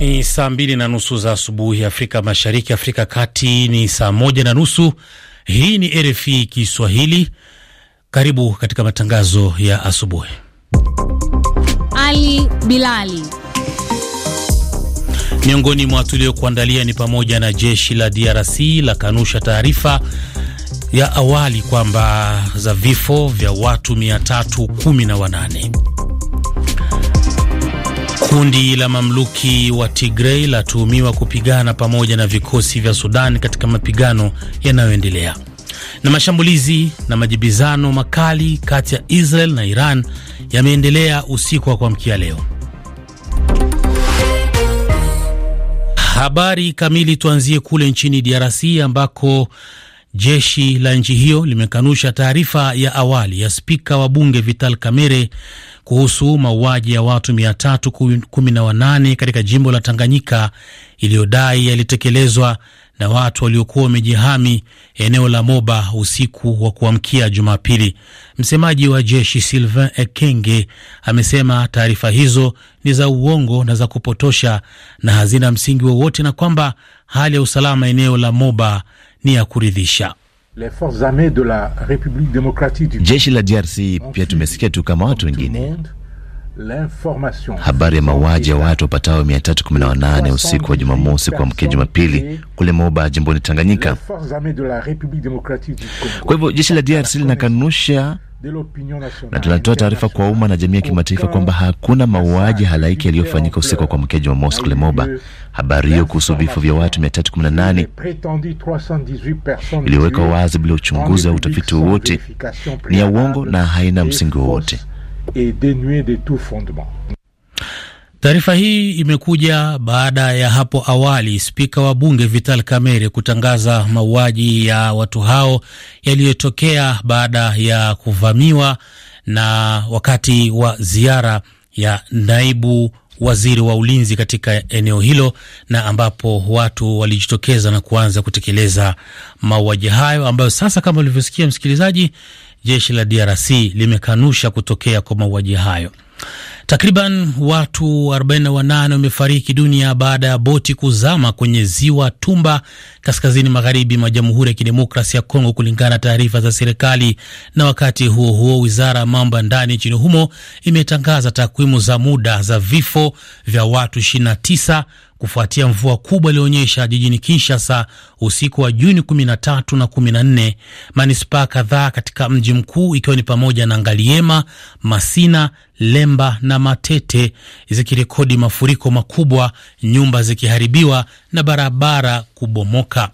Ni saa mbili na nusu za asubuhi Afrika Mashariki, Afrika Kati ni saa moja na nusu. Hii ni RFI Kiswahili. Karibu katika matangazo ya asubuhi. Ali Bilali. Miongoni mwa tuliokuandalia ni pamoja na jeshi la DRC la kanusha taarifa ya awali kwamba za vifo vya watu 318 Kundi la mamluki wa Tigrei latuhumiwa kupigana pamoja na vikosi vya Sudan katika mapigano yanayoendelea. Na mashambulizi na majibizano makali kati ya Israel na Iran yameendelea usiku wa kuamkia leo. Habari kamili tuanzie kule nchini DRC ambako Jeshi la nchi hiyo limekanusha taarifa ya awali ya spika wa bunge Vital Kamerhe kuhusu mauaji ya watu 318 katika jimbo la Tanganyika iliyodai yalitekelezwa na watu waliokuwa wamejihami eneo la Moba usiku wa kuamkia Jumapili. Msemaji wa jeshi Sylvain Ekenge amesema taarifa hizo ni za uongo na za kupotosha na hazina msingi wowote, na kwamba hali ya usalama eneo la Moba ni ya kuridhisha. Jeshi la DRC pia tumesikia tu kama watu wengine habari ya mauaji ya watu wapatao 318 usiku wa Jumamosi kuamkia Jumapili kule Moba, jimboni Tanganyika. Kwa hivyo jeshi la DRC linakanusha na tunatoa taarifa kwa umma na jamii ya kimataifa kwamba hakuna mauaji halaiki yaliyofanyika usiku wa kuamkia Jumamosi kule Moba. Habari hiyo kuhusu vifo vya watu 318 iliyowekwa wazi bila uchunguzi au utafiti wowote ni ya uongo na haina msingi wowote et dénuée de tout fondement. Taarifa hii imekuja baada ya hapo awali spika wa bunge Vital Kamerhe kutangaza mauaji ya watu hao yaliyotokea baada ya kuvamiwa na wakati wa ziara ya naibu waziri wa ulinzi katika eneo hilo, na ambapo watu walijitokeza na kuanza kutekeleza mauaji hayo ambayo sasa, kama ulivyosikia msikilizaji, Jeshi la DRC limekanusha kutokea kwa mauaji hayo. Takriban watu 48 wamefariki dunia baada ya boti kuzama kwenye ziwa Tumba kaskazini magharibi mwa Jamhuri ya Kidemokrasia ya Kongo, kulingana na taarifa za serikali. Na wakati huo huo, wizara ya mambo ya ndani nchini humo imetangaza takwimu za muda za vifo vya watu 29 kufuatia mvua kubwa iliyoonyesha jijini Kinshasa usiku wa Juni 13 na 14. Manispaa kadhaa katika mji mkuu ikiwa ni pamoja na Ngaliema, Masina, Lemba na Matete zikirekodi mafuriko makubwa, nyumba zikiharibiwa na barabara kubomoka.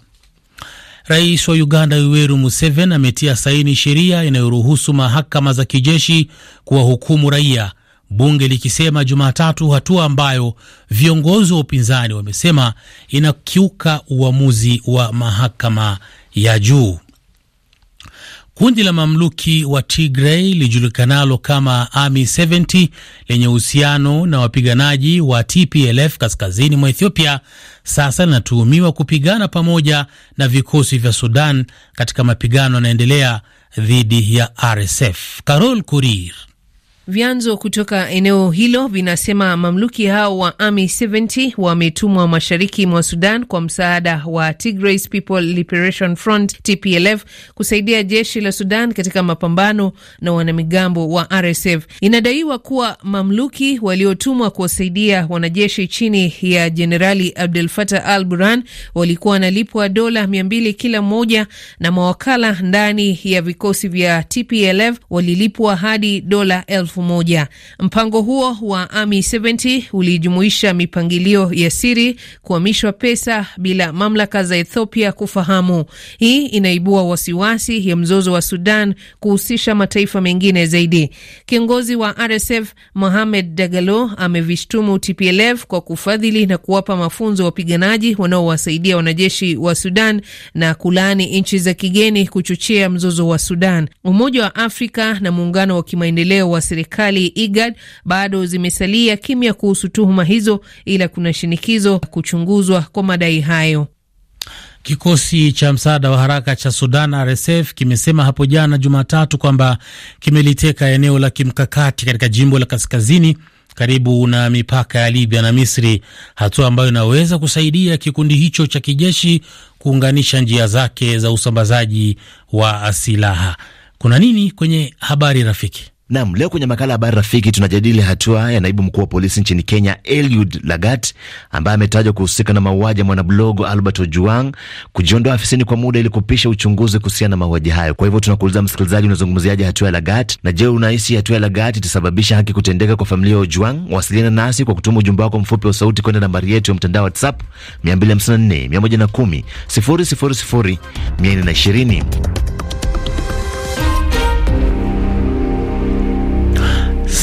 Rais wa Uganda Yoweri Museveni ametia saini sheria inayoruhusu mahakama za kijeshi kuwahukumu raia bunge likisema Jumatatu, hatua ambayo viongozi wa upinzani wamesema inakiuka uamuzi wa mahakama ya juu. Kundi la mamluki wa Tigray lijulikanalo kama Army 70 lenye uhusiano na wapiganaji wa TPLF kaskazini mwa Ethiopia sasa linatuhumiwa kupigana pamoja na vikosi vya Sudan katika mapigano yanaendelea dhidi ya RSF. Carol Kurir Vyanzo kutoka eneo hilo vinasema mamluki hao wa Army 70 wametumwa mashariki mwa Sudan kwa msaada wa Tigray People Liberation Front TPLF kusaidia jeshi la Sudan katika mapambano na wanamigambo wa RSF. Inadaiwa kuwa mamluki waliotumwa kuwasaidia wanajeshi chini ya Jenerali Abdel Fattah Al Burhan walikuwa wanalipwa dola 200 kila mmoja, na mawakala ndani ya vikosi vya TPLF walilipwa hadi dola elfu elfu moja. Mpango huo wa AMI 70 ulijumuisha mipangilio ya siri, kuhamishwa pesa bila mamlaka za Ethiopia kufahamu. Hii inaibua wasiwasi ya mzozo wa Sudan kuhusisha mataifa mengine zaidi. Kiongozi wa RSF Mohamed Dagalo amevishtumu TPLF kwa kufadhili na kuwapa mafunzo wapiganaji wanaowasaidia wanajeshi wa Sudan na kulaani nchi za kigeni kuchochea mzozo wa Sudan. Umoja wa Afrika na muungano wa kimaendeleo wa serikali serikali IGAD bado zimesalia kimya kuhusu tuhuma hizo, ila kuna shinikizo kuchunguzwa kwa madai hayo. Kikosi cha msaada wa haraka cha Sudan RSF kimesema hapo jana Jumatatu kwamba kimeliteka eneo la kimkakati katika jimbo la kaskazini karibu na mipaka ya Libya na Misri, hatua ambayo inaweza kusaidia kikundi hicho cha kijeshi kuunganisha njia zake za usambazaji wa silaha. Kuna nini kwenye habari rafiki? Nam, leo kwenye makala ya habari rafiki tunajadili hatua ya naibu mkuu wa polisi nchini Kenya Eliud Lagat ambaye ametajwa kuhusika na mauaji ya mwanablogo Albert Ojuang kujiondoa afisini kwa muda ili kupisha uchunguzi kuhusiana na mauaji hayo. Kwa hivyo tunakuuliza msikilizaji, unazungumziaje hatua ya Lagat na je, unahisi hatua ya Lagat itasababisha haki kutendeka kwa familia ya Ojuang? Wasiliana nasi kwa kutuma ujumbe wako mfupi wa sauti kwenda nambari yetu ya mtandao WhatsApp 254 110 000 420.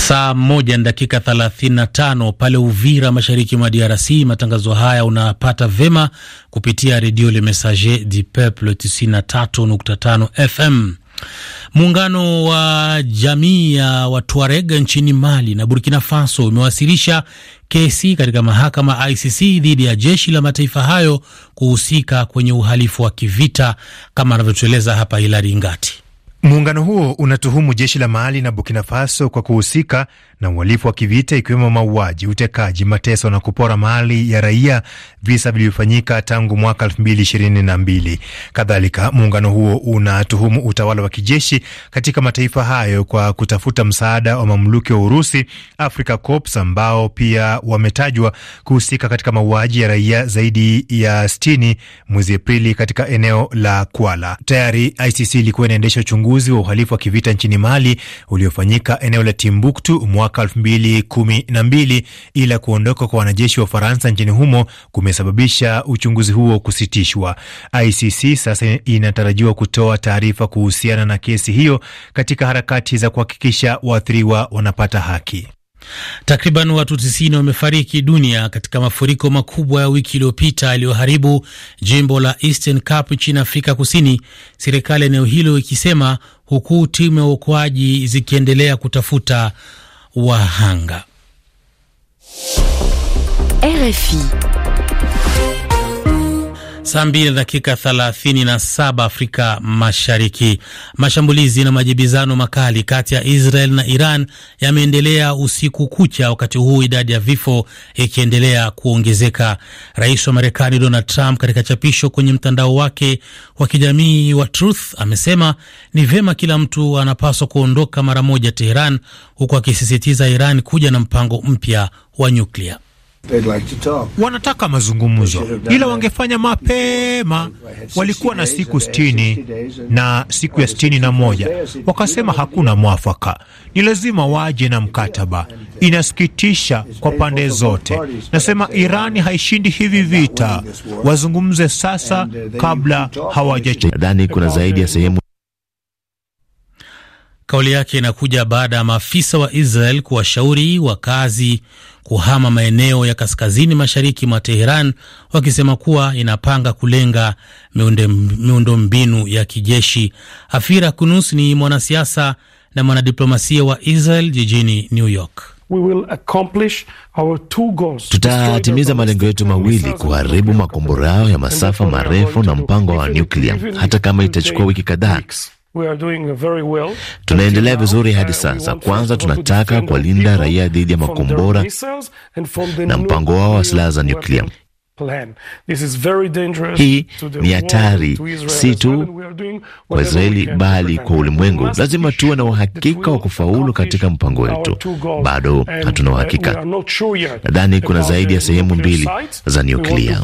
Saa moja na dakika 35 pale Uvira, mashariki mwa DRC. Matangazo haya unapata vema kupitia redio Le Messager du Peuple 93.5 FM. Muungano wa jamii ya Watuareg nchini Mali na Burkina Faso umewasilisha kesi katika mahakama ICC dhidi ya jeshi la mataifa hayo kuhusika kwenye uhalifu wa kivita, kama anavyotueleza hapa Hilari Ngati. Muungano huo unatuhumu jeshi la Mali na Burkina Faso kwa kuhusika na uhalifu wa kivita ikiwemo mauaji, utekaji, mateso na kupora mali ya raia, visa vilivyofanyika tangu mwaka 2022. Kadhalika, muungano huo unatuhumu utawala wa kijeshi katika mataifa hayo kwa kutafuta msaada wa mamluki wa Urusi, Africa Corps, ambao pia wametajwa kuhusika katika mauaji ya raia zaidi ya 60 mwezi Aprili katika eneo la Kwala. Tayari ICC ilikuwa inaendesha uchunguzi wa uhalifu wa kivita nchini Mali uliofanyika eneo la Timbuktu mwaka mwaka mbili ila kuondoka kwa wanajeshi wa Ufaransa nchini humo kumesababisha uchunguzi huo kusitishwa. ICC sasa inatarajiwa kutoa taarifa kuhusiana na kesi hiyo katika harakati za kuhakikisha waathiriwa wanapata haki. Takriban watu 90 wamefariki dunia katika mafuriko makubwa ya wiki iliyopita yaliyoharibu jimbo la Eastern Cape nchini Afrika Kusini, serikali ya eneo hilo ikisema, huku timu ya uokoaji zikiendelea kutafuta wahanga. RFI Saa mbili na dakika thelathini na saba Afrika Mashariki. Mashambulizi na majibizano makali kati ya Israel na Iran yameendelea usiku kucha, wakati huu idadi ya vifo ikiendelea kuongezeka. Rais wa Marekani Donald Trump, katika chapisho kwenye mtandao wake wa kijamii wa Truth, amesema ni vyema kila mtu anapaswa kuondoka mara moja Teheran, huku akisisitiza Iran kuja na mpango mpya wa nyuklia wanataka mazungumzo, ila wangefanya mapema. Walikuwa na siku sitini na siku ya sitini na moja wakasema hakuna mwafaka, ni lazima waje na mkataba. Uh, Inasikitisha kwa pande zote. Nasema Irani haishindi hivi vita, wazungumze sasa uh, kabla hawaja. Nadhani kuna zaidi ya sehemu Kauli yake inakuja baada ya maafisa wa Israel kuwashauri wakazi kuhama maeneo ya kaskazini mashariki mwa Teheran, wakisema kuwa inapanga kulenga miundo mbinu ya kijeshi. afira Kunus ni mwanasiasa na mwanadiplomasia wa Israel jijini New York. Tutatimiza malengo yetu mawili, kuharibu makombora yao ya masafa marefu na mpango wa nuklia hata kama itachukua wiki kadhaa. Tunaendelea vizuri uh, hadi sasa. Kwanza tunataka kuwalinda raia dhidi ya makombora na mpango wao wa silaha za nyuklia. Hii ni hatari si tu kwa Israeli bali kwa ulimwengu. Lazima tuwe na uhakika wa kufaulu katika mpango wetu. Bado hatuna uh, uhakika, nadhani kuna zaidi ya sehemu mbili za nyuklia.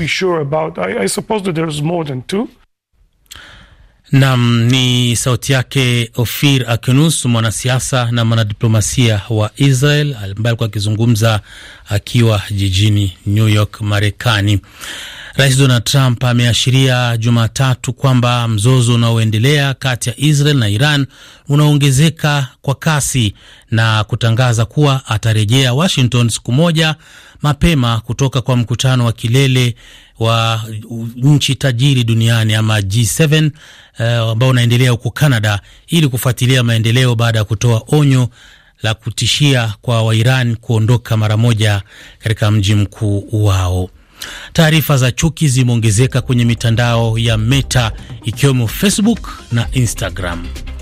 Nam ni sauti yake Ofir Akinus, mwanasiasa na mwanadiplomasia wa Israel ambaye alikuwa akizungumza akiwa jijini New York, Marekani. Rais Donald Trump ameashiria Jumatatu kwamba mzozo unaoendelea kati ya Israel na Iran unaongezeka kwa kasi na kutangaza kuwa atarejea Washington siku moja mapema kutoka kwa mkutano wa kilele wa nchi tajiri duniani ama G7 eh, ambao uh, unaendelea huko Canada ili kufuatilia maendeleo baada ya kutoa onyo la kutishia kwa Wairan kuondoka mara moja katika mji mkuu wao. Taarifa za chuki zimeongezeka kwenye mitandao ya Meta ikiwemo Facebook na Instagram.